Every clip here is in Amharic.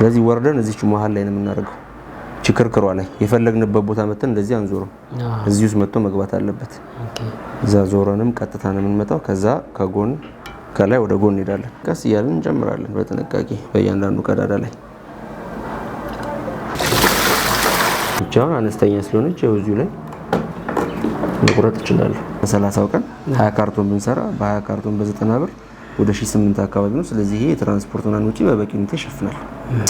ስለዚህ ወርደን እዚች መሀል ላይ ነው የምናደርገው። ችክርክሯ ላይ የፈለግንበት ቦታ መተን እንደዚህ አንዞረው፣ እዚህ ውስጥ መጥቶ መግባት አለበት። እዛ ዞረንም ቀጥታ ነው የምንመጣው። ከዛ ከጎን ከላይ ወደ ጎን እንሄዳለን። ቀስ እያለን እንጨምራለን በጥንቃቄ በእያንዳንዱ ቀዳዳ ላይ ብቻውን አነስተኛ ስለሆነች ብዙ ላይ መቁረጥ እችላለሁ። በሰላሳው ቀን ሀያ ካርቶን ብንሰራ በሀያ ካርቶን በዘጠና ብር ወደ ስምንት አካባቢ ነው። ስለዚህ ይሄ የትራንስፖርትና ወጪ በበቂ ሁኔታ ይሸፍናል።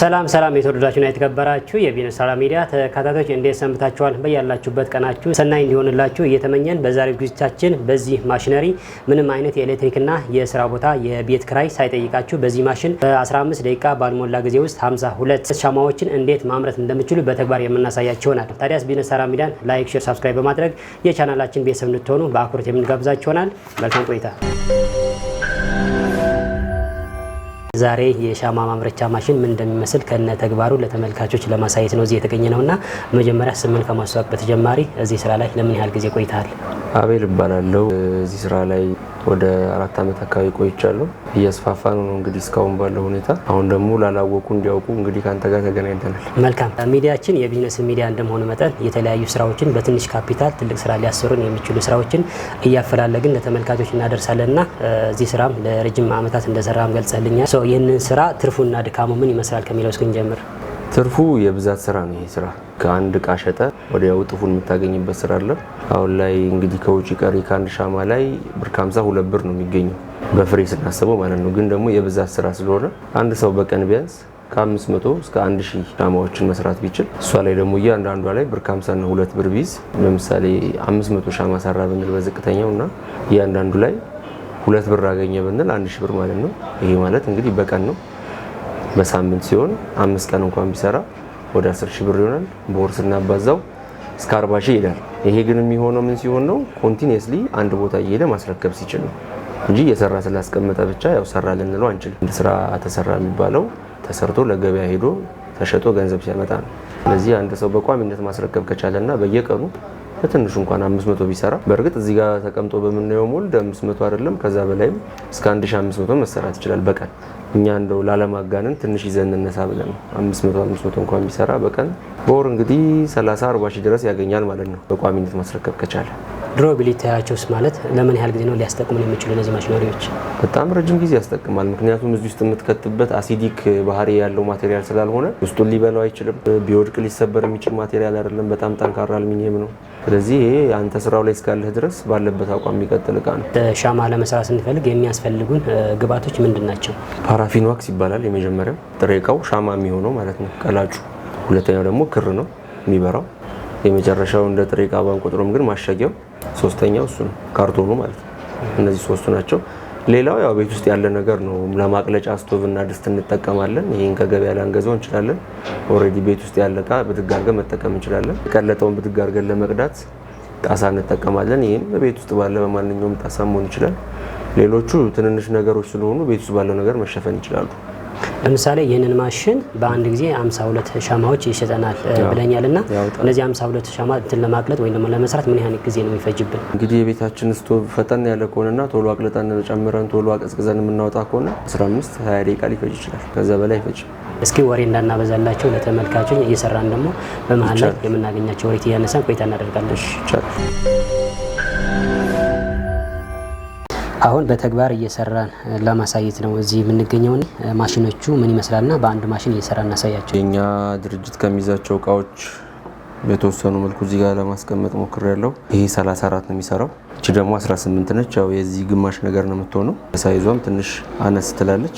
ሰላም ሰላም፣ የተወደዳችሁና የተከበራችሁ የቢዝነስ አራ ሚዲያ ተከታታዮች እንዴት ሰንብታችኋል? በያላችሁበት ቀናችሁ ሰናይ እንዲሆንላችሁ እየተመኘን በዛሬው ዝግጅታችን በዚህ ማሽነሪ ምንም አይነት የኤሌክትሪክና የስራ ቦታ የቤት ክራይ ሳይጠይቃችሁ በዚህ ማሽን በ15 ደቂቃ ባልሞላ ጊዜ ውስጥ 52 ሻማዎችን እንዴት ማምረት እንደምችሉ በተግባር የምናሳያችሁ ይሆናል። ታዲያስ ቢዝነስ አራ ሚዲያን ላይክ፣ ሼር፣ ሳብስክራይብ በማድረግ የቻናላችን ቤተሰብ እንድትሆኑ በአኩሮት የምንጋብዛችሁ ይሆናል። መልካም ቆይታ ዛሬ የሻማ ማምረቻ ማሽን ምን እንደሚመስል ከነ ተግባሩ ለተመልካቾች ለማሳየት ነው እዚህ የተገኘ እና መጀመሪያ ስምን ከማስተዋወቅ በተጀማሪ እዚህ ስራ ላይ ለምን ያህል ጊዜ ቆይተሃል? አቤል እባላለሁ። እዚህ ስራ ላይ ወደ አራት ዓመት አካባቢ ቆይቻለሁ። እያስፋፋ ነው እንግዲህ እስካሁን ባለው ሁኔታ። አሁን ደግሞ ላላወቁ እንዲያውቁ እንግዲህ ከአንተ ጋር ተገናኝተናል። መልካም። ሚዲያችን የቢዝነስ ሚዲያ እንደመሆኑ መጠን የተለያዩ ስራዎችን በትንሽ ካፒታል ትልቅ ስራ ሊያሰሩን የሚችሉ ስራዎችን እያፈላለግን ለተመልካቾች እናደርሳለን እና እዚህ ስራም ለረጅም ዓመታት እንደሰራም ገልጸልኛል። ይህንን ስራ ትርፉና ድካሙ ምን ይመስላል ከሚለው እስክንጀምር ትርፉ የብዛት ስራ ነው። ይሄ ስራ ከአንድ እቃ ሸጠ ወደ ውጥፉን የምታገኝበት ስራ አለ። አሁን ላይ እንግዲህ ከውጭ ቀሪ ከአንድ ሻማ ላይ ብር ከሀምሳ ሁለት ብር ነው የሚገኘው በፍሬ ስናስበው ማለት ነው። ግን ደግሞ የብዛት ስራ ስለሆነ አንድ ሰው በቀን ቢያንስ ከ500 እስከ ሺህ ሻማዎችን መስራት ቢችል እሷ ላይ ደግሞ እያንዳንዷ ላይ ብር ከ እና ሁለት ብር ቢይዝ ለምሳሌ 500 ሻማ ሰራ ብንል በዝቅተኛው እና እያንዳንዱ ላይ ሁለት ብር አገኘ ብንል አንድ ሺህ ብር ማለት ነው። ይሄ ማለት እንግዲህ በቀን ነው። በሳምንት ሲሆን አምስት ቀን እንኳን ቢሰራ ወደ አስር ሺህ ብር ይሆናል። በወር ስናባዛው እስከ አርባ ሺህ ይሄዳል። ይሄ ግን የሚሆነው ምን ሲሆን ነው? ኮንቲኒየስሊ አንድ ቦታ እየሄደ ማስረከብ ሲችል ነው እንጂ የሰራ ስላስቀመጠ ብቻ ያው ሰራ ልንለው አንችልም። ስራ ተሰራ የሚባለው ተሰርቶ ለገበያ ሄዶ ተሸጦ ገንዘብ ሲያመጣ ነው። ስለዚህ አንድ ሰው በቋሚነት ማስረከብ ከቻለና በየቀኑ በትንሹ እንኳን 500 ቢሰራ በእርግጥ እዚህ ጋር ተቀምጦ በምናየው ሞልድ 500 አይደለም ከዛ በላይም እስከ 1500 መሰራት ይችላል በቀን እኛ እንደው ላለማጋነን ትንሽ ይዘን እነሳ ብለን አምስት መቶ እንኳን ቢሰራ በቀን በወር እንግዲህ ሰላሳ አርባ ሺህ ድረስ ያገኛል ማለት ነው በቋሚነት ማስረከብ ከቻለ። ያቸውስ ማለት ለምን ያህል ጊዜ ነው ሊያስጠቅሙን የሚችሉ እነዚህ ማሽነሪዎች? በጣም ረጅም ጊዜ ያስጠቅማል። ምክንያቱም እዚህ ውስጥ የምትከትበት አሲዲክ ባህሪ ያለው ማቴሪያል ስላልሆነ ውስጡን ሊበላው አይችልም። ቢወድቅ ሊሰበር የሚችል ማቴሪያል አይደለም። በጣም ጠንካራ አልሚኒየም ነው። ስለዚህ ይሄ አንተ ስራው ላይ እስካለህ ድረስ ባለበት አቋም የሚቀጥል እቃ ነው። ሻማ ለመስራት ስንፈልግ የሚያስፈልጉን ግብአቶች ምንድን ናቸው? ፓራፊን ዋክስ ይባላል የመጀመሪያው ጥሬ እቃው ሻማ የሚሆነው ማለት ነው ቀላጩ። ሁለተኛው ደግሞ ክር ነው የሚበራው። የመጨረሻው እንደ ጥሬ እቃ ባንቆጥሮም ግን ማሸጊያው፣ ሶስተኛው እሱ ነው ካርቶኑ ማለት ነው። እነዚህ ሶስቱ ናቸው። ሌላው ያው ቤት ውስጥ ያለ ነገር ነው። ለማቅለጫ ስቶቭ እና ድስት እንጠቀማለን። ይህን ከገበያ ላንገዛው እንችላለን። ኦልሬዲ ቤት ውስጥ ያለ እቃ ብትጋርገን መጠቀም እንችላለን። ቀለጠውን አድርገን ለመቅዳት ጣሳ እንጠቀማለን። ይህም ቤት ውስጥ ባለ በማንኛውም ጣሳ መሆን ይችላል። ሌሎቹ ትንንሽ ነገሮች ስለሆኑ ቤት ውስጥ ባለው ነገር መሸፈን ይችላሉ። ለምሳሌ ይህንን ማሽን በአንድ ጊዜ 52 ሻማዎች ይሸጠናል ብለኛል እና እነዚህ 52 ሻማ እንትን ለማቅለጥ ወይም ደግሞ ለመስራት ምን ያህል ጊዜ ነው ይፈጅብን? እንግዲህ የቤታችን ስቶቭ ፈጠን ያለ ከሆነና ቶሎ አቅልጠን ጨምረን ቶሎ አቀዝቅዘን የምናወጣ ከሆነ 15 20 ደቂቃ ሊፈጅ ይችላል። ከዛ በላይ ይፈጅ። እስኪ ወሬ እንዳናበዛላቸው ለተመልካቾች እየሰራን ደግሞ በመሀል ላይ የምናገኛቸው ወሬት እያነሳን ቆይታ እናደርጋለን። አሁን በተግባር እየሰራን ለማሳየት ነው እዚህ የምንገኘው። ማሽኖቹ ምን ይመስላልና በአንድ ማሽን እየሰራ እናሳያቸው። የእኛ ድርጅት ከሚይዛቸው እቃዎች በተወሰኑ መልኩ እዚህ ጋር ለማስቀመጥ ሞክር ያለው ይሄ 34 ነው የሚሰራው። እቺ ደግሞ 18 ነች። ያው የዚህ ግማሽ ነገር ነው የምትሆነው። ሳይዟም ትንሽ አነስ ትላለች።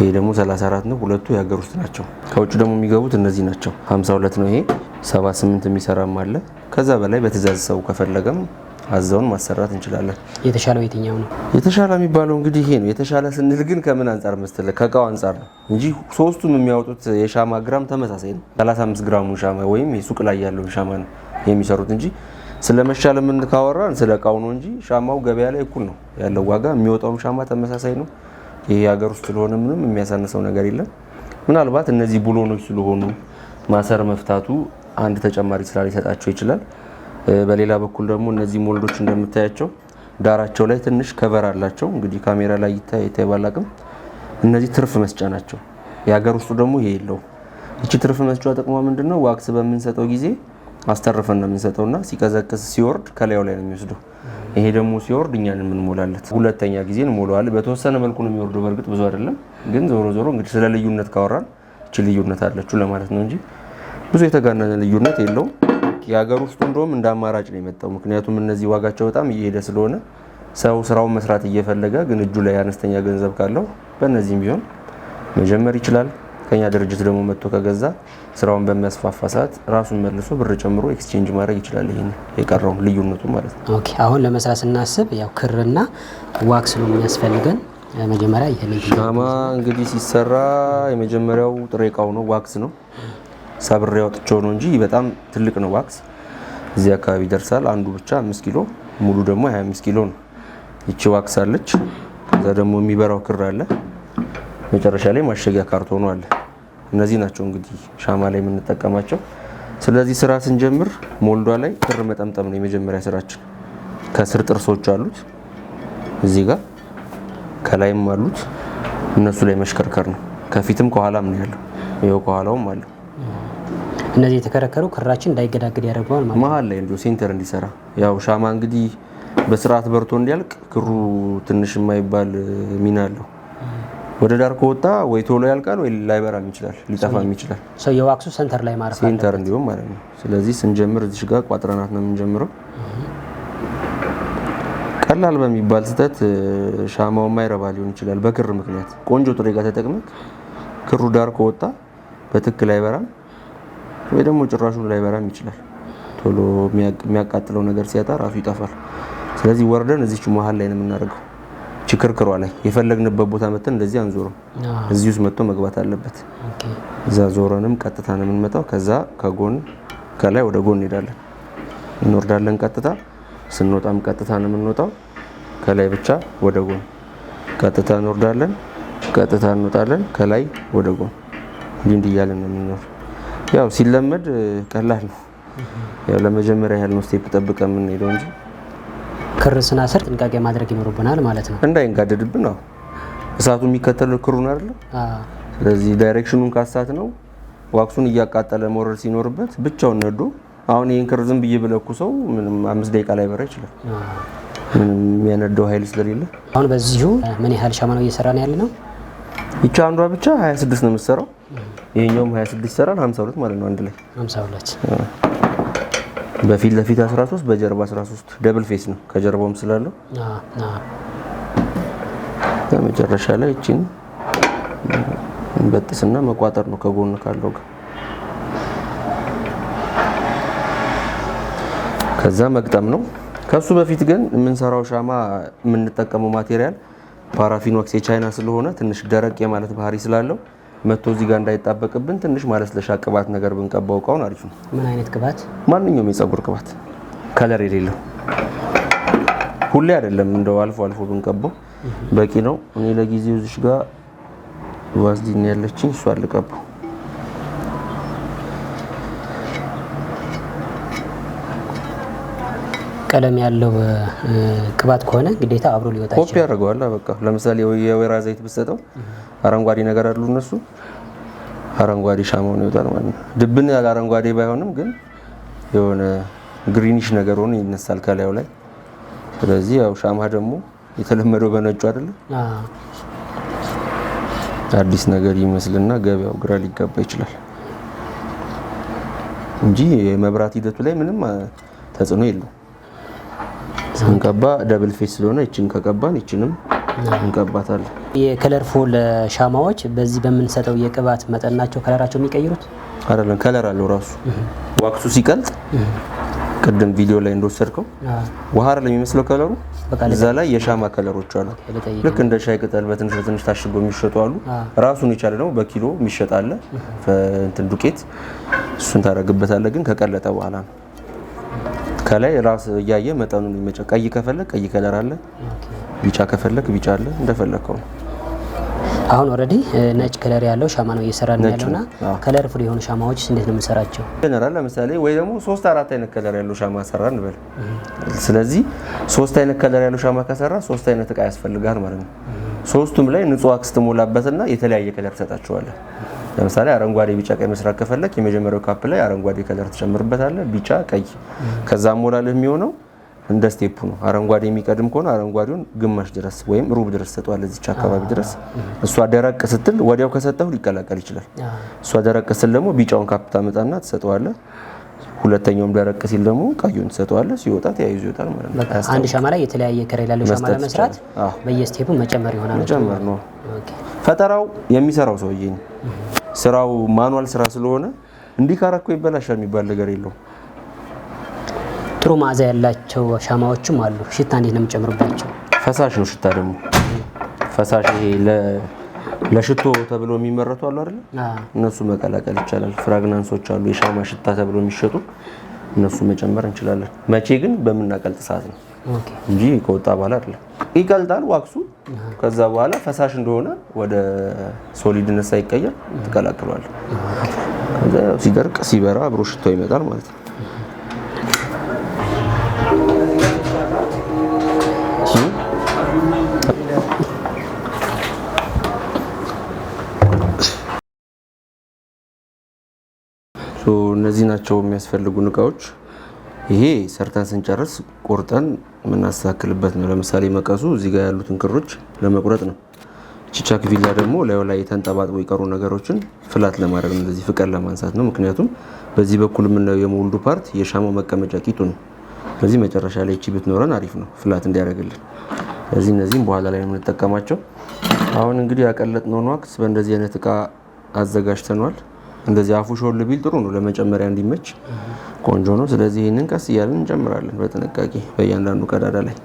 ይሄ ደግሞ 34 ነው። ሁለቱ የሀገር ውስጥ ናቸው። ከውጭ ደግሞ የሚገቡት እነዚህ ናቸው። 52 ነው ይሄ 78 የሚሰራም አለ። ከዛ በላይ በትእዛዝ ሰው ከፈለገም አዛውን ማሰራት እንችላለን። የተሻለው የትኛው ነው? የተሻለ የሚባለው እንግዲህ ይሄ ነው። የተሻለ ስንል ግን ከምን አንጻር መሰለህ? ከእቃው አንጻር ነው እንጂ ሶስቱም የሚያወጡት የሻማ ግራም ተመሳሳይ ነው። 35 ግራሙን ሻማ ወይም የሱቅ ላይ ያለውን ሻማ ነው የሚሰሩት እንጂ ስለ መሻል ምን ካወራን ስለ እቃው ነው እንጂ ሻማው ገበያ ላይ እኩል ነው ያለው ዋጋ። የሚወጣውም ሻማ ተመሳሳይ ነው። ይሄ ሀገር ውስጥ ስለሆነ ምንም የሚያሳንሰው ነገር የለም። ምናልባት እነዚህ ቡሎኖች ስለሆኑ ማሰር መፍታቱ አንድ ተጨማሪ ስራ ሊሰጣቸው ይችላል። በሌላ በኩል ደግሞ እነዚህ ሞልዶች እንደምታያቸው ዳራቸው ላይ ትንሽ ከቨር አላቸው። እንግዲህ ካሜራ ላይ ይታይ ባላቅም እነዚህ ትርፍ መስጫ ናቸው። የሀገር ውስጡ ደግሞ ይሄ የለው። እቺ ትርፍ መስጫ ጥቅሟ ምንድን ነው? ዋክስ በምንሰጠው ጊዜ አስተርፈን ነው የምንሰጠውና ሲቀዘቅስ ሲወርድ ከላዩ ላይ ነው የሚወስደው። ይሄ ደግሞ ሲወርድ እኛን የምንሞላለት ሁለተኛ ጊዜ እንሞላዋለን። በተወሰነ መልኩ ነው የሚወርደው። በእርግጥ ብዙ አይደለም፣ ግን ዞሮ ዞሮ እንግዲህ ስለ ልዩነት ካወራን እቺ ልዩነት አለችው ለማለት ነው እንጂ ብዙ የተጋነነ ልዩነት የለውም። የሀገር ውስጡ እንደውም እንደ አማራጭ ነው የመጣው። ምክንያቱም እነዚህ ዋጋቸው በጣም እየሄደ ስለሆነ ሰው ስራውን መስራት እየፈለገ ግን እጁ ላይ አነስተኛ ገንዘብ ካለው በእነዚህም ቢሆን መጀመር ይችላል። ከኛ ድርጅት ደግሞ መጥቶ ከገዛ ስራውን በሚያስፋፋ ሰዓት ራሱን መልሶ ብር ጨምሮ ኤክስቼንጅ ማድረግ ይችላል። ይሄን የቀረውን ልዩነቱ ማለት ነው። ኦኬ አሁን ለመስራት ስናስብ ያው ክርና ዋክስ ነው የሚያስፈልገን። መጀመሪያ ሻማ እንግዲህ ሲሰራ የመጀመሪያው ጥሬ እቃው ነው፣ ዋክስ ነው። ሰብሬ አውጥቼው ነው እንጂ በጣም ትልቅ ነው። ዋክስ እዚህ አካባቢ ይደርሳል። አንዱ ብቻ 5 ኪሎ ሙሉ ደግሞ 25 ኪሎ ነው። ይቺ ዋክስ አለች። ከዛ ደግሞ የሚበራው ክር አለ። መጨረሻ ላይ ማሸጊያ ካርቶኑ አለ። እነዚህ ናቸው እንግዲህ ሻማ ላይ የምንጠቀማቸው። ስለዚህ ስራ ስንጀምር ሞልዷ ላይ ክር መጠምጠም ነው የመጀመሪያ ስራችን። ከስር ጥርሶች አሉት እዚህ ጋር ከላይም አሉት እነሱ ላይ መሽከርከር ነው። ከፊትም ከኋላም ነው ያለው። ይኸው ከኋላውም አለው። እነዚህ የተከረከሩ ክራችን እንዳይገዳግድ ያደርገዋል ማለት ነው። መሀል ላይ እንዲሁ ሴንተር እንዲሰራ ያው ሻማ እንግዲህ በስርዓት በርቶ እንዲያልቅ ክሩ ትንሽ የማይባል ሚና አለው። ወደ ዳር ከወጣ ወይ ቶሎ ያልቃል ወይ ላይበራም ይችላል፣ ሊጠፋም ይችላል። ሰው የዋክሱ ሴንተር ላይ ማረፍ ሴንተር እንዲሁም ማለት ነው። ስለዚህ ስንጀምር እዚህ ጋር ቋጥረናት ነው የምንጀምረው። ቀላል በሚባል ስህተት ሻማው ማይረባ ሊሆን ይችላል በክር ምክንያት። ቆንጆ ጥሬ ጋር ክሩ ዳር ከወጣ በትክክል አይበራም ወይ ደግሞ ጭራሹን ላይበራም ይችላል። ቶሎ የሚያቃጥለው ነገር ሲያጣ ራሱ ይጠፋል። ስለዚህ ወርደን እዚች መሀል ላይ ነው የምናደርገው። ችክርክሯ ላይ የፈለግንበት ቦታ መተን እንደዚህ አንዞርም እዚህ ውስጥ መጥቶ መግባት አለበት። እዛ ዞረንም ቀጥታ ነው የምንመጣው። ከዛ ከጎን ከላይ ወደ ጎን እንሄዳለን፣ እንወርዳለን ቀጥታ። ስንወጣም ቀጥታ ነው የምንወጣው። ከላይ ብቻ ወደ ጎን ቀጥታ እንወርዳለን፣ ቀጥታ እንወጣለን። ከላይ ወደ ጎን እንዲህ እያለን ነው የምንኖር ያው ሲለመድ ቀላል ነው። ያው ለመጀመሪያ ያህል ነው ስቴፕ ጠብቀ የምንሄደው እንጂ ክር ስናስር ጥንቃቄ ማድረግ ይኖርብናል ማለት ነው። እንዳይንጋደድብን ነው እሳቱ የሚከተለው ክሩን አይደለ? ስለዚህ ዳይሬክሽኑን ካሳት ነው ዋክሱን እያቃጠለ መውረድ ሲኖርበት ብቻውን ነዶ። አሁን ይህን ክር ዝም ብዬ ብለኩ ሰው ምንም አምስት ደቂቃ ላይ በራ ይችላል ምንም የሚያነደው ኃይል ስለሌለ አሁን በዚሁ ምን ያህል ሻማ ነው እየሰራ ነው ያለ ነው ይቺ አንዷ ብቻ 26 ነው የምትሰራው። ይሄኛውም 26 ይሰራል 52 ማለት ነው አንድ ላይ 52። በፊት ለፊት 13 በጀርባ 13 ደብል ፌስ ነው ከጀርባውም ስላለው መጨረሻ ላይ እቺን በጥስና መቋጠር ነው ከጎን ካለው ጋር ከዛ መግጠም ነው። ከሱ በፊት ግን የምንሰራው ሻማ የምንጠቀመው ማቴሪያል ፓራፊን ዋክስ የቻይና ስለሆነ ትንሽ ደረቅ የማለት ባህሪ ስላለው መቶ እዚህ ጋር እንዳይጣበቅብን ትንሽ ማለስለሻ ቅባት ነገር ብንቀባው እቃውን አሪፍ ነው። ምን አይነት ቅባት? ማንኛውም የጸጉር ቅባት ከለር የሌለው ሁሌ አይደለም፣ እንደው አልፎ አልፎ ብንቀባው በቂ ነው። እኔ ለጊዜው እዚህ ጋር ቫዝሊን ያለችኝ እሷ አልቀባው ቀለም ያለው ቅባት ከሆነ ግዴታ አብሮ ሊወጣ ይችላል። ኮፒ ያደርገዋል። በቃ ለምሳሌ የወይራ ዘይት ብትሰጠው አረንጓዴ ነገር አሉ እነሱ አረንጓዴ ሻማ ሆኖ ይወጣል ማለት ነው። ድብን ያለ አረንጓዴ ባይሆንም ግን የሆነ ግሪኒሽ ነገር ሆኖ ይነሳል ከላዩ ላይ። ስለዚህ ያው ሻማ ደግሞ የተለመደው በነጩ አይደለም አዲስ ነገር ይመስልና ገበያው ግራ ሊጋባ ይችላል እንጂ የመብራት ሂደቱ ላይ ምንም ተጽዕኖ የለው። ስንቀባ ደብል ፌስ ስለሆነ ይችን ከቀባን ይችንም እንቀባታለን። የከለርፎል ሻማዎች በዚህ በምንሰጠው የቅባት መጠን ናቸው ከለራቸው የሚቀይሩት አይደለም። ከለር አለው ራሱ ዋክሱ ሲቀልጥ ቅድም ቪዲዮ ላይ እንደወሰድከው ውሃ አይደለም የሚመስለው ከለሩ። እዛ ላይ የሻማ ከለሮች አሉ። ልክ እንደ ሻይ ቅጠል በትንሽ በትንሽ ታሽገው የሚሸጡ አሉ። ራሱን የቻለ ደግሞ በኪሎ የሚሸጥ አለ። እንትን ዱቄት እሱን ታደርግበታለህ፣ ግን ከቀለጠ በኋላ ነው ከላይ ራስ እያየ መጠኑን የሚጨ ቀይ ከፈለግ ቀይ ከለር አለ፣ ቢጫ ከፈለግ ቢጫ አለ። እንደፈለግከው ነው። አሁን ኦልሬዲ ነጭ ከለር ያለው ሻማ ነው እየሰራ ነው ያለውና ከለር ፍሪ የሆኑ ሻማዎች እንዴት ነው የምንሰራቸው? ጀነራል ለምሳሌ ወይ ደግሞ ሶስት አራት አይነት ከለር ያለው ሻማ ሰራ እንበል። ስለዚህ ሶስት አይነት ከለር ያለው ሻማ ከሰራ ሶስት አይነት እቃ ያስፈልጋል ማለት ነው። ሶስቱም ላይ ንጹህ አክስ ትሞላበትና የተለያየ ከለር ትሰጣቸዋለህ። ለምሳሌ አረንጓዴ፣ ቢጫ፣ ቀይ መስራት ከፈለክ የመጀመሪያው ካፕ ላይ አረንጓዴ ከለር ትጨምርበታለህ፣ ቢጫ፣ ቀይ። ከዛ ሞላልህ የሚሆነው እንደ ስቴፑ ነው። አረንጓዴ የሚቀድም ከሆነ አረንጓዴውን ግማሽ ድረስ ወይም ሩብ ድረስ ሰጠዋል፣ እዚች አካባቢ ድረስ። እሷ ደረቅ ስትል ወዲያው ከሰጠሁ ሊቀላቀል ይችላል። እሷ ደረቅ ስትል ደግሞ ቢጫውን ካፕ ታመጣና ትሰጠዋለህ። ሁለተኛውም ደረቅ ሲል ደግሞ ቀዩን ትሰጠዋለህ። ሲወጣ ተያይዞ ይወጣል ማለት ነው። አንድ ሻማ ላይ የተለያየ ከለር ያለው ሻማ ለመስራት በየስቴፑ መጨመር ይሆናል። መጨመር ነው ፈጠራው የሚሰራው ሰውዬ ነው። ስራው ማኑዋል ስራ ስለሆነ እንዲህ ካረኮ ይበላሻል የሚባል ነገር የለውም። ጥሩ መዓዛ ያላቸው ሻማዎችም አሉ። ሽታ እንዴት ነው የምጨምርባቸው? ፈሳሽ ነው። ሽታ ደግሞ ፈሳሽ ይሄ ለሽቶ ተብሎ የሚመረቱ አሉ አይደል? እነሱ መቀላቀል ይቻላል። ፍራግናንሶች አሉ የሻማ ሽታ ተብሎ የሚሸጡ እነሱ መጨመር እንችላለን። መቼ ግን በምናቀልጥ ሰዓት ነው እንጂ ከወጣ በኋላ አይደለም። ይቀልጣል ዋክሱ ከዛ በኋላ ፈሳሽ እንደሆነ ወደ ሶሊድነት ሳይቀየር ትቀላቅሏል። ሲደርቅ ሲበራ አብሮ ሽቶ ይመጣል ማለት ነው። እነዚህ ናቸው የሚያስፈልጉን እቃዎች። ይሄ ሰርተን ስንጨርስ ቆርጠን የምናስተካክልበት ነው። ለምሳሌ መቀሱ እዚህ ጋር ያሉትን ክሮች ለመቁረጥ ነው። ቺቻክ ቪላ ደግሞ ላዩ ላይ የተንጠባጥቦ የቀሩ ነገሮችን ፍላት ለማድረግ ነው። እንደዚህ ፍቀድ ለማንሳት ነው። ምክንያቱም በዚህ በኩል የምናየው የሞልዱ ፓርት የሻማው መቀመጫ ቂጡ ነው። ስለዚህ መጨረሻ ላይ ቺ ብትኖረን አሪፍ ነው፣ ፍላት እንዲያደርግልን። ስለዚህ እነዚህም በኋላ ላይ የምንጠቀማቸው አሁን እንግዲህ ያቀለጥነውን ዋክስ በእንደዚህ አይነት እቃ አዘጋጅተነዋል። እንደዚህ አፉ ሾል ቢል ጥሩ ነው፣ ለመጨመሪያ እንዲመች ቆንጆ ነው። ስለዚህ ይህንን ቀስ እያለን እንጨምራለን በጥንቃቄ በእያንዳንዱ ቀዳዳ ላይ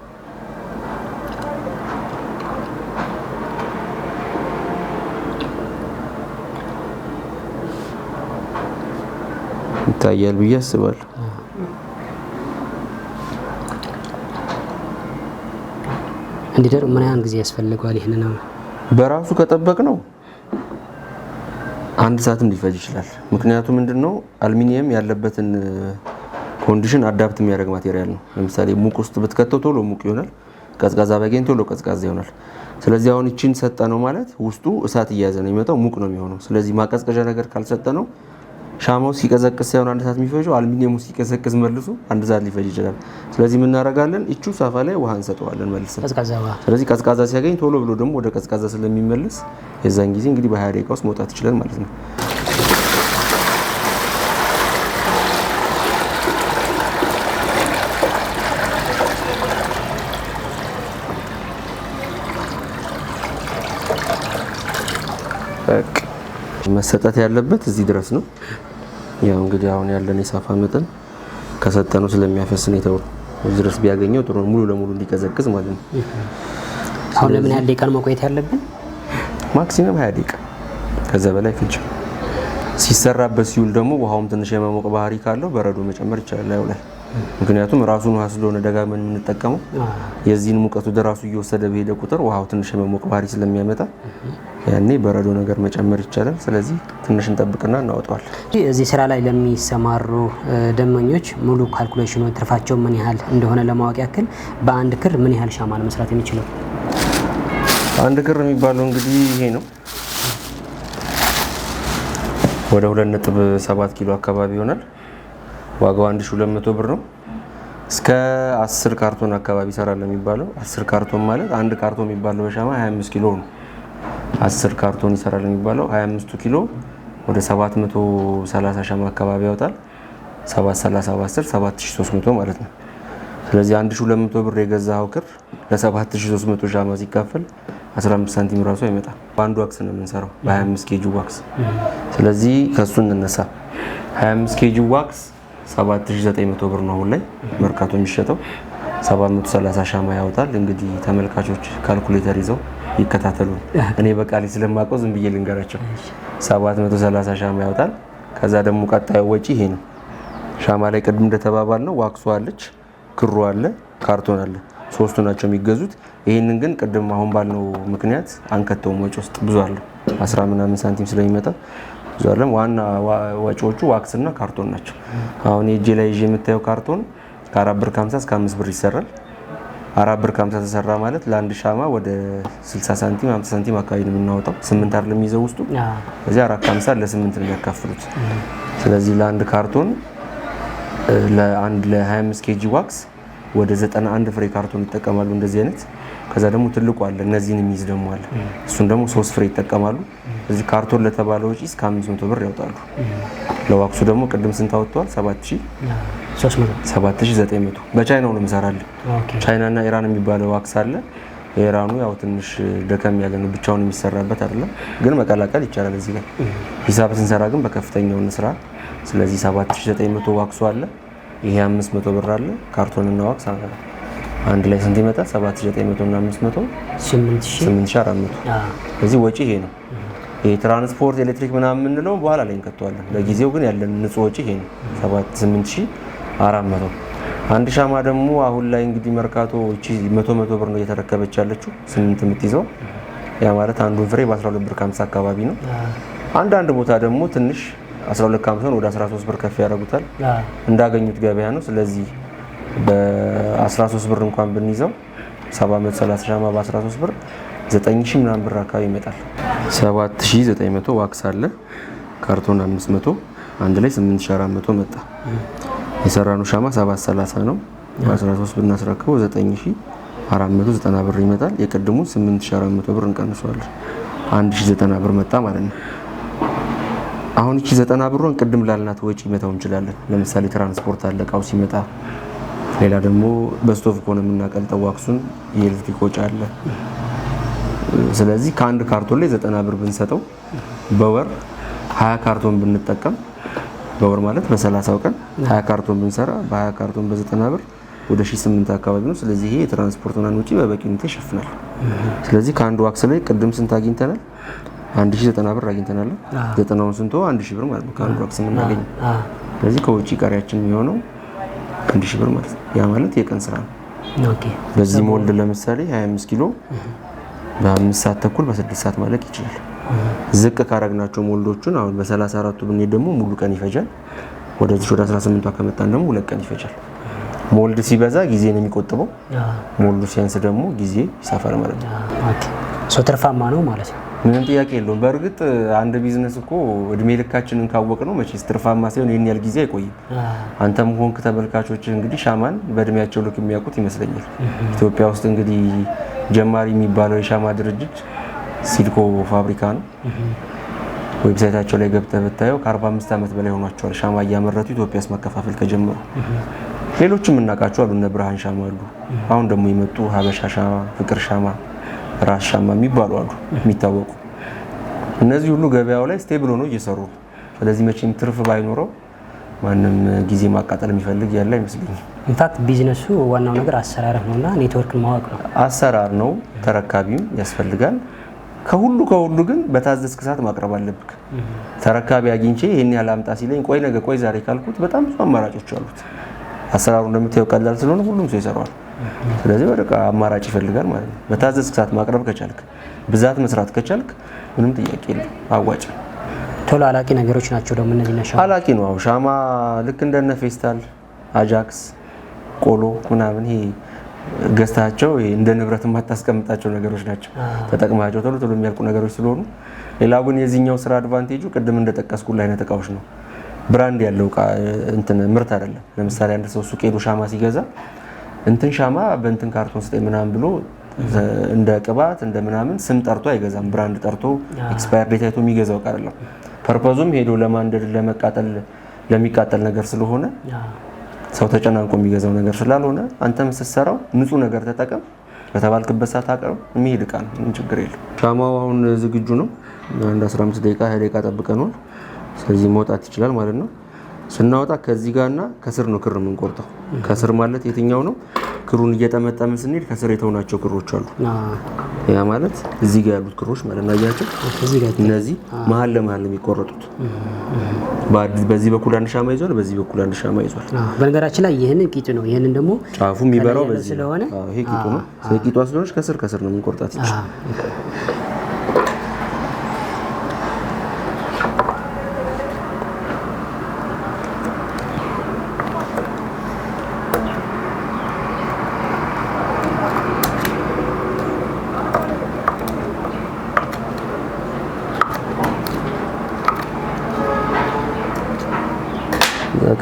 ይታያል ብዬ አስባለሁ። እንዲደርቅ ምን ያህል ጊዜ ያስፈልገዋል? ይህንን በራሱ ከጠበቅ ነው አንድ ሰዓትም ሊፈጅ ይችላል። ምክንያቱ ምንድን ነው? አልሚኒየም ያለበትን ኮንዲሽን አዳፕት የሚያደርግ ማቴሪያል ነው። ለምሳሌ ሙቅ ውስጥ ብትከተው ቶሎ ሙቅ ይሆናል፣ ቀዝቃዛ ባገኝ ቶሎ ቀዝቃዛ ይሆናል። ስለዚህ አሁን ይችን ሰጠ ነው ማለት ውስጡ እሳት እየያዘ ነው የሚመጣው፣ ሙቅ ነው የሚሆነው። ስለዚህ ማቀዝቀዣ ነገር ካልሰጠ ነው ሻማው ሲቀዘቅዝ ሳይሆን አንድ ሰዓት የሚፈጀው አልሚኒየሙ ሲቀዘቅዝ መልሶ አንድ ሰዓት ሊፈጅ ይችላል። ስለዚህ የምናደርጋለን እቹ ሳፋ ላይ ውሃ እንሰጠዋለን መልሰን። ስለዚህ ቀዝቃዛ ሲያገኝ ቶሎ ብሎ ደግሞ ወደ ቀዝቃዛ ስለሚመልስ የዛን ጊዜ እንግዲህ በሀያ ደቂቃ ውስጥ መውጣት ይችላል ማለት ነው። መሰጠት ያለበት እዚህ ድረስ ነው። ያው እንግዲህ አሁን ያለን የሳፋ መጠን ከሰጠኑ ስለሚያፈስን የተው ድረስ ቢያገኘው ጥሩ ሙሉ ለሙሉ እንዲቀዘቅዝ ማለት ነው። አሁን ለምን ያህል ደቂቃ መቆየት ያለብን? ማክሲመም ሀያ ደቂቃ ከዛ በላይ ፍጅ ሲሰራበት ሲውል ደግሞ ውሃውም ትንሽ የመሞቅ ባህሪ ካለው በረዶ መጨመር ይቻላል ላይ ምክንያቱም ራሱን ውሃ ስለሆነ ደጋግመን የምንጠቀመው የዚህን ሙቀት ወደ ራሱ እየወሰደ በሄደ ቁጥር ውሃው ትንሽ የመሞቅ ባህሪ ስለሚያመጣ ያኔ በረዶ ነገር መጨመር ይቻላል። ስለዚህ ትንሽ እንጠብቅና እናወጣዋል። እዚህ ስራ ላይ ለሚሰማሩ ደንበኞች ሙሉ ካልኩሌሽኑ ትርፋቸው ምን ያህል እንደሆነ ለማወቅ ያክል በአንድ ክር ምን ያህል ሻማ ነው መስራት የሚችለው? አንድ ክር የሚባለው እንግዲህ ይሄ ነው። ወደ 2.7 ኪሎ አካባቢ ይሆናል። ዋጋው 1200 ብር ነው። እስከ 10 ካርቶን አካባቢ ይሰራል የሚባለው። 10 ካርቶን ማለት አንድ ካርቶን የሚባለው በሻማ 25 ኪሎ ነው። 10 ካርቶን ይሰራል የሚባለው 25 ኪሎ ወደ 730 ሻማ አካባቢ ያወጣል። 7370 7300 ማለት ነው። ስለዚህ 1200 ብር የገዛኸው ክር ለ7300 ሻማ ሲካፈል 15 ሳንቲም ራሱ አይመጣም። በአንድ ዋክስ ነው የምንሰራው፣ በ25 ኬጂ ዋክስ። ስለዚህ ከሱ እንነሳ 25 ኬጂ ዋክስ 7900 ብር ነው አሁን ላይ መርካቶ የሚሸጠው 730 ሻማ ያወጣል። እንግዲህ ተመልካቾች ካልኩሌተር ይዘው ይከታተሉ። እኔ በቃሌ ስለማውቀው ዝም ብዬ ልንገራቸው። 730 ሻማ ያወጣል። ከዛ ደግሞ ቀጣዩ ወጪ ይሄ ነው። ሻማ ላይ ቅድም እንደተባባል ነው ዋክሱ አለች፣ ክሩ አለ፣ ካርቶን አለ። ሶስቱ ናቸው የሚገዙት። ይህንን ግን ቅድም አሁን ባልነው ምክንያት አንከተውም፣ ወጪ ውስጥ ብዙ አለው 10 ምናምን ሳንቲም ስለሚመጣ ዟለም ዋና ወጪዎቹ እና ካርቶን ናቸው። አሁን የእጄ ላይ ይዤ የምታየው ካርቶን ከአራት ብር ከሀምሳ እስከ አምስት ብር ይሰራል። አራት ብር ከሀምሳ ተሰራ ማለት ለአንድ ሻማ ወደ 60 ሳንቲም 50 ሳንቲም አካባቢ ነው የምናወጣው። ስምንት አር የሚይዘው ውስጡ። ስለዚህ አራት ከሀምሳ ለስምንት ነው የሚያካፍሉት። ስለዚህ ለአንድ ካርቶን ለአንድ ለ25 ኬጂ ዋክስ ወደ 91 ፍሬ ካርቶን ይጠቀማሉ። እንደዚህ አይነት ከዛ ደግሞ ትልቁ አለ እነዚህን የሚይዝ ደግሞ አለ። እሱን ደግሞ ሶስት ፍሬ ይጠቀማሉ። እዚህ ካርቶን ለተባለ ወጪ እስከ 500 ብር ያውጣሉ። ለዋክሱ ደግሞ ቅድም ስንት አወጥቷል? 7900 በቻይናው ነው የምሰራለን። ቻይናና ኢራን የሚባለው ዋክስ አለ። የኢራኑ ያው ትንሽ ደከም ያለ ነው፣ ብቻውን የሚሰራበት አይደለም፣ ግን መቀላቀል ይቻላል። እዚህ ጋር ሂሳብ ስንሰራ ግን በከፍተኛው እንስራ። ስለዚህ 7900 ዋክሱ አለ፣ ይሄ 500 ብር አለ። ካርቶንና ዋክስ አለ አንድ ላይ ስንት ይመጣል? 7900 እና 500 8400። እዚህ ወጪ ይሄ ነው። ትራንስፖርት ኤሌክትሪክ ምናምን የምንለው በኋላ ላይ እንከተዋለን። ለጊዜው ግን ያለን ንጹህ ወጪ ይሄ ነው 78400። አንድ ሻማ ደግሞ አሁን ላይ እንግዲህ መርካቶ እቺ 100 100 ብር ነው እየተረከበች ያለችው 8 የምትይዘው ያ ማለት አንዱን ፍሬ በ12 ብር 50 አካባቢ ነው። አንዳንድ ቦታ ደግሞ ትንሽ 12 50 ወደ 13 ብር ከፍ ያደርጉታል። እንዳገኙት ገበያ ነው። ስለዚህ በ13 ብር እንኳን ብንይዘው 730 ሻማ በ13 ብር 9000 ምናምን ብር አካባቢ ይመጣል። 7900 ዋክስ አለ ካርቶን 500 አንድ ላይ 8400 መጣ። የሰራነው ሻማ 730 ነው። በ13 ብናስረክበው 9490 ብር ይመጣል። የቅድሙ 8400 ብር እንቀንሰዋለን። 1090 ብር መጣ ማለት ነው። አሁን እቺ 90 ብሯን ቅድም ላልናት ወጪ መተው እንችላለን። ለምሳሌ ትራንስፖርት አለ እቃው ሲመጣ ሌላ ደግሞ በስቶቭ ከሆነ የምናቀልጠው ዋክሱን የኤሌክትሪክ ወጪ አለ። ስለዚህ ከአንድ ካርቶን ላይ ዘጠና ብር ብንሰጠው በወር ሀያ ካርቶን ብንጠቀም በወር ማለት በሰላሳው ቀን ሀያ ካርቶን ብንሰራ በሀያ ካርቶን በዘጠና ብር ወደ ሺህ ስምንት አካባቢ ነው። ስለዚህ ይሄ የትራንስፖርት ምናምን ውጪ በበቂ ሁኔታ ይሸፍናል። ስለዚህ ከአንድ ዋክስ ላይ ቅድም ስንት አግኝተናል? አንድ ሺህ ዘጠና ብር አግኝተናል። ዘጠናውን ስንቶ አንድ ሺህ ብር ማለት ነው ከአንድ ዋክስ የምናገኘው። ስለዚህ ከውጪ ቀሪያችን የሚሆነው አንድ ሺህ ብር ማለት ነው። ያ ማለት የቀን ስራ ነው። በዚህ ሞልድ ለምሳሌ 25 ኪሎ በአምስት ሰዓት ተኩል በስድስት ሰዓት ማለቅ ይችላል። ዝቅ ካረግናቸው ሞልዶቹን አሁን በሰላሳ አራቱ ብንሄድ ደግሞ ሙሉ ቀን ይፈጃል። ወደ ወደ 18ቷ ከመጣን ደግሞ ሁለት ቀን ይፈጃል። ሞልድ ሲበዛ ጊዜ ነው የሚቆጥበው፣ ሞልዱ ሲያንስ ደግሞ ጊዜ ይሳፈር ማለት ነው። ትርፋማ ነው ማለት ነው። ምንም ጥያቄ የለውም። በእርግጥ አንድ ቢዝነስ እኮ እድሜ ልካችንን ካወቅ ነው መቼ ስትርፋማ ሲሆን ይህን ያህል ጊዜ አይቆይም። አንተም ሆንክ ተመልካቾች እንግዲህ ሻማን በእድሜያቸው ልክ የሚያውቁት ይመስለኛል። ኢትዮጵያ ውስጥ እንግዲህ ጀማሪ የሚባለው የሻማ ድርጅት ሲልኮ ፋብሪካ ነው። ዌብሳይታቸው ላይ ገብተህ ብታየው ከ45 ዓመት በላይ ሆኗቸዋል ሻማ እያመረቱ ኢትዮጵያ ውስጥ መከፋፈል ከጀመሩ። ሌሎችም እናውቃቸው አሉ፣ እነ ብርሃን ሻማ አሉ። አሁን ደግሞ የመጡ ሀበሻ ሻማ፣ ፍቅር ሻማ ራሻማ የሚባሉ አሉ የሚታወቁ። እነዚህ ሁሉ ገበያው ላይ ስቴብል ሆኖ እየሰሩ ነው። ስለዚህ መቼም ትርፍ ባይኖረው ማንም ጊዜ ማቃጠል የሚፈልግ ያለ አይመስለኝም። ኢንፋክት ቢዝነሱ ዋናው ነገር አሰራር ነውና ኔትወርክ ማወቅ ነው። አሰራር ነው፣ ተረካቢም ያስፈልጋል። ከሁሉ ከሁሉ ግን በታዘዝክ ሰዓት ማቅረብ አለብክ። ተረካቢ አግኝቼ ይህን ያህል አምጣ ሲለኝ ቆይ ነገ ቆይ ዛሬ ካልኩት በጣም ብዙ አማራጮች አሉት። አሰራሩ እንደምታየው ቀላል ስለሆነ ሁሉም ሰው ይሰራዋል። ስለዚህ ወደ አማራጭ ይፈልጋል ማለት ነው። በታዘዝ ሰዓት ማቅረብ ከቻልክ፣ ብዛት መስራት ከቻልክ ምንም ጥያቄ የለም፣ አዋጭ ቶሎ አላቂ ነገሮች ናቸው። ደግሞ እነዚህ ሻማ አላቂ ነው። አዎ ሻማ ልክ እንደነ ፌስታል፣ አጃክስ፣ ቆሎ ምናምን ይሄ ገዝታቸው እንደ ንብረት የማታስቀምጣቸው ነገሮች ናቸው። ተጠቅማቸው ቶሎ ቶሎ የሚያልቁ ነገሮች ስለሆኑ፣ ሌላ ግን የዚህኛው ስራ አድቫንቴጁ ቅድም እንደጠቀስኩልህ አይነት እቃዎች ነው። ብራንድ ያለው ምርት አይደለም። ለምሳሌ አንድ ሰው ሱቅ ሄዶ ሻማ ሲገዛ እንትን ሻማ በእንትን ካርቶን ስጠኝ ምናምን ብሎ እንደ ቅባት እንደ ምናምን ስም ጠርቶ አይገዛም። ብራንድ ጠርቶ ኤክስፓየር ዴት አይቶ የሚገዛው ቃል አይደለም። ፐርፖዙም ሄዶ ለማንደድ ለመቃጠል ለሚቃጠል ነገር ስለሆነ ሰው ተጨናንቆ የሚገዛው ነገር ስላልሆነ አንተም ስትሰራው ንጹህ ነገር ተጠቀም፣ በተባልክበት ሰዓት አቅርብ። የሚሄድ ዕቃ ነው፣ ምን ችግር የለም። ሻማው አሁን ዝግጁ ነው። አንድ 15 ደቂቃ 20 ደቂቃ ጠብቀነዋል። ስለዚህ መውጣት ይችላል ማለት ነው። ስናወጣ ከዚህ ጋርና ከስር ነው ክር የምንቆርጠው። ከስር ማለት የትኛው ነው? ክሩን እየጠመጠምን ስንሄድ ከስር የተውናቸው ክሮች አሉ። ያ ማለት እዚህ ጋር ያሉት ክሮች ማለት ነው። አያቸው፣ እነዚህ መሀል ለመሀል የሚቆረጡት። በዚህ በኩል አንድ ሻማ ይዟል፣ በዚህ በኩል አንድ ሻማ ይዟል። በነገራችን ላይ ይህንን ቂጡ ነው፣ ይህንን ደግሞ ጫፉ የሚበራው በዚህ ስለሆነ ይሄ ቂጡ ነው። ቂጧ ስለሆነች ከስር ከስር ነው የምንቆርጣት።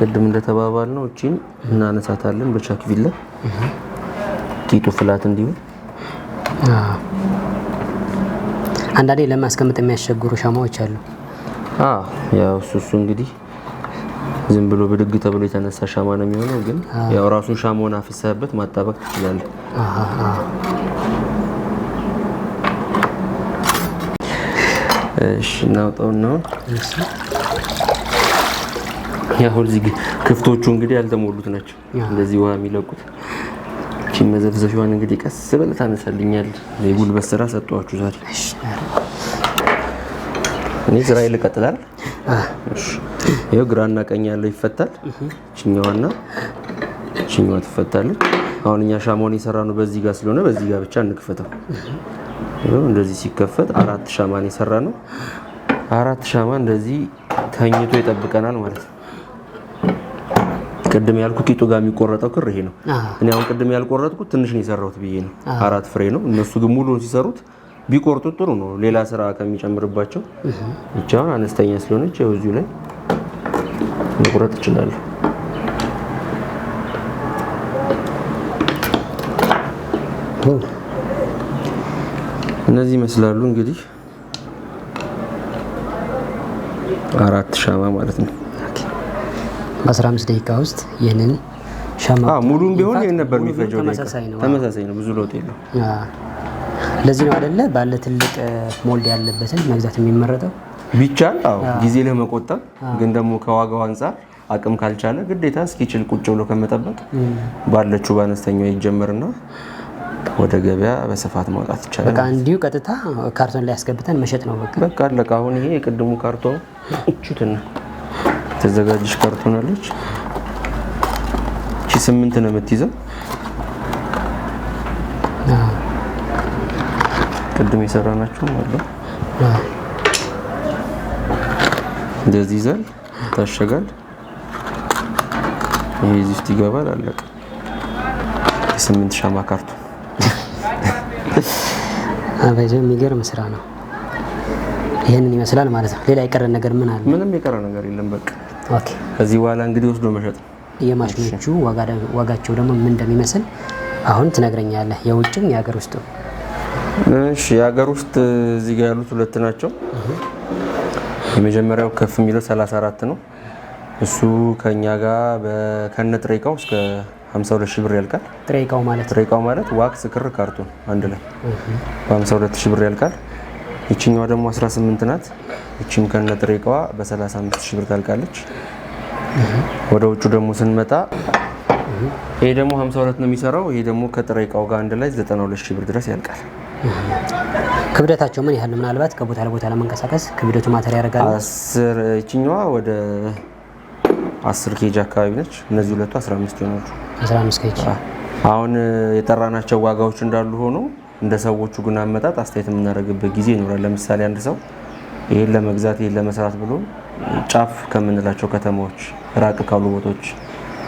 ቅድም እንደተባባል ነው እቺን እናነሳታለን በቻክቪላ ቂጡ ፍላት እንዲሁም አንዳንዴ ለማስቀመጥ የሚያስቸግሩ ሻማዎች አሉ። ያው እሱ እሱ እንግዲህ ዝም ብሎ ብድግ ተብሎ የተነሳ ሻማ ነው የሚሆነው። ግን ያው ራሱን ሻማውን አፍሰህበት ማጣበቅ ትችላለህ። እሺ እናውጣውና ያሁን እዚህ ክፍቶቹ እንግዲህ ያልተሞሉት ናቸው። እንደዚህ ውሃ የሚለቁት እቺን መዘፍዘፊዋን እንግዲህ ቀስ ብለህ ታነሳልኛል። የጉልበት ስራ ሰጠዋችሁ ዛሬ። እኔ ስራ ይልቀጥላል። ይኸው ግራና ቀኝ ያለው ይፈታል። እችኛዋና እችኛዋ ትፈታለች። አሁን እኛ ሻማውን የሰራነው በዚህ ጋር ስለሆነ በዚህ ጋር ብቻ እንክፈተው። እንደዚህ ሲከፈት አራት ሻማን የሰራነው አራት ሻማ እንደዚህ ተኝቶ ይጠብቀናል ማለት ነው። ቅድም ያልኩ ቂጡ ጋር የሚቆረጠው ክር ይሄ ነው። እኔ አሁን ቅድም ያልቆረጥኩት ትንሽ ነው የሰራሁት ብዬ ነው፣ አራት ፍሬ ነው። እነሱ ግን ሙሉን ሲሰሩት ቢቆርጡት ጥሩ ነው፣ ሌላ ስራ ከሚጨምርባቸው። ብቻውን አነስተኛ ስለሆነች እዚሁ ላይ መቁረጥ እችላለሁ። እነዚህ ይመስላሉ እንግዲህ አራት ሻማ ማለት ነው። በ15 ደቂቃ ውስጥ ይህንን ሻማ ሙሉም ቢሆን ይህን ነበር የሚፈጀው። ተመሳሳይ ነው፣ ነው። ብዙ ለውጥ የለው። ለዚህ ነው አይደለ ባለ ትልቅ ሞልድ ያለበትን መግዛት የሚመረጠው ቢቻል። አዎ ጊዜ ለመቆጠብ ግን ደግሞ ከዋጋው አንጻር አቅም ካልቻለ ግዴታ እስኪችል ቁጭ ብሎ ከመጠበቅ ባለችው በአነስተኛው ይጀምርና ወደ ገበያ በስፋት ማውጣት ይቻላል። በቃ እንዲሁ ቀጥታ ካርቶን ላይ ያስገብተን መሸጥ ነው። በቃ በቃ አለቀ። አሁን ይሄ የቅድሙ ካርቶን እቹትን ነው የተዘጋጀች ካርቶን አለች። እቺ ስምንት ነው የምትይዘው። ቅድም ናቸው አለ እንደዚህ ይዛል፣ ታሸጋል። ይሄ እዚህ ውስጥ ይገባል። አለቀ። የስምንት ሻማ ካርቶን አባይዘ የሚገርም ስራ ነው። ይህንን ይመስላል ማለት ነው። ሌላ የቀረ ነገር ምን አለ? ምንም የቀረ ነገር የለም በቃ ከዚህ በኋላ እንግዲህ ወስዶ መሸጥ ነው። የማሽኖቹ ዋጋቸው ደግሞ ምን እንደሚመስል አሁን ትነግረኛለህ፣ የውጭም የሀገር ውስጥ። እሺ፣ የሀገር ውስጥ እዚህ ጋር ያሉት ሁለት ናቸው። የመጀመሪያው ከፍ የሚለው 34 ነው። እሱ ከኛ ጋር ከነ ጥሬ እቃው እስከ 52 ሺህ ብር ያልቃል። ጥሬ እቃው ማለት ዋክስ፣ ክር፣ ካርቶን አንድ ላይ በ52 ሺህ ብር ያልቃል። ይችኛዋ ደግሞ 18 ናት። ይችም ከነ ጥሬ እቃዋ በ35 ሺህ ብር ታልቃለች። ወደ ውጩ ደግሞ ስንመጣ ይሄ ደግሞ 52 ነው የሚሰራው። ይሄ ደግሞ ከጥሬ እቃው ጋር አንድ ላይ 92 ሺህ ብር ድረስ ያልቃል። ክብደታቸው ምን ያህል? ነው ምናልባት ከቦታ ለቦታ ለመንቀሳቀስ ክብደቱ ማተር ያደርጋል። ይችኛዋ ወደ 10 ኬጅ አካባቢ ነች። እነዚህ ሁለቱ 15 ይሆናሉ። 15 ኬጅ አሁን የጠራናቸው ዋጋዎች እንዳሉ ሆኖ እንደ ሰዎቹ ግን አመጣጥ አስተያየት የምናደርግበት ጊዜ ይኖራል። ለምሳሌ አንድ ሰው ይህን ለመግዛት ይህን ለመስራት ብሎ ጫፍ ከምንላቸው ከተማዎች ራቅ ካሉ ቦታዎች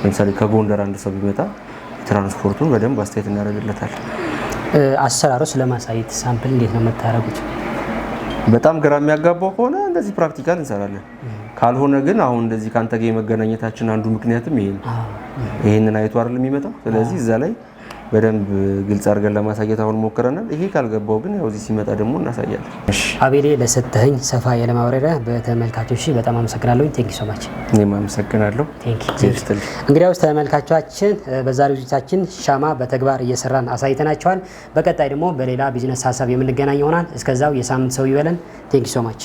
ለምሳሌ ከጎንደር አንድ ሰው ቢመጣ ትራንስፖርቱን በደንብ አስተያየት እናደርግለታል። አሰራሩ ለማሳየት ሳምፕል እንዴት ነው የምታደርጉት? በጣም ግራ የሚያጋባው ከሆነ እንደዚህ ፕራክቲካል እንሰራለን። ካልሆነ ግን አሁን እንደዚህ ከአንተ ጋር የመገናኘታችን አንዱ ምክንያትም ይሄ ነው። ይህንን አይቶ አይደል የሚመጣው። ስለዚህ እዛ ላይ በደንብ ግልጽ አድርገን ለማሳየት አሁን ሞክረናል። ይሄ ካልገባው ግን ያው እዚህ ሲመጣ ደግሞ እናሳያለን። አቤሌ ለሰጠኸኝ ሰፋ ያለ ማብራሪያ በተመልካቾች በጣም አመሰግናለሁ። ቴንክ ሶ ማች። እኔም አመሰግናለሁ። እንግዲያውስ ተመልካቾቻችን በዛሬው ዝግጅታችን ሻማ በተግባር እየሰራን አሳይተናቸዋል። በቀጣይ ደግሞ በሌላ ቢዝነስ ሀሳብ የምንገናኝ ይሆናል። እስከዛው የሳምንት ሰው ይበለን። ቴንክ ሶ ማች።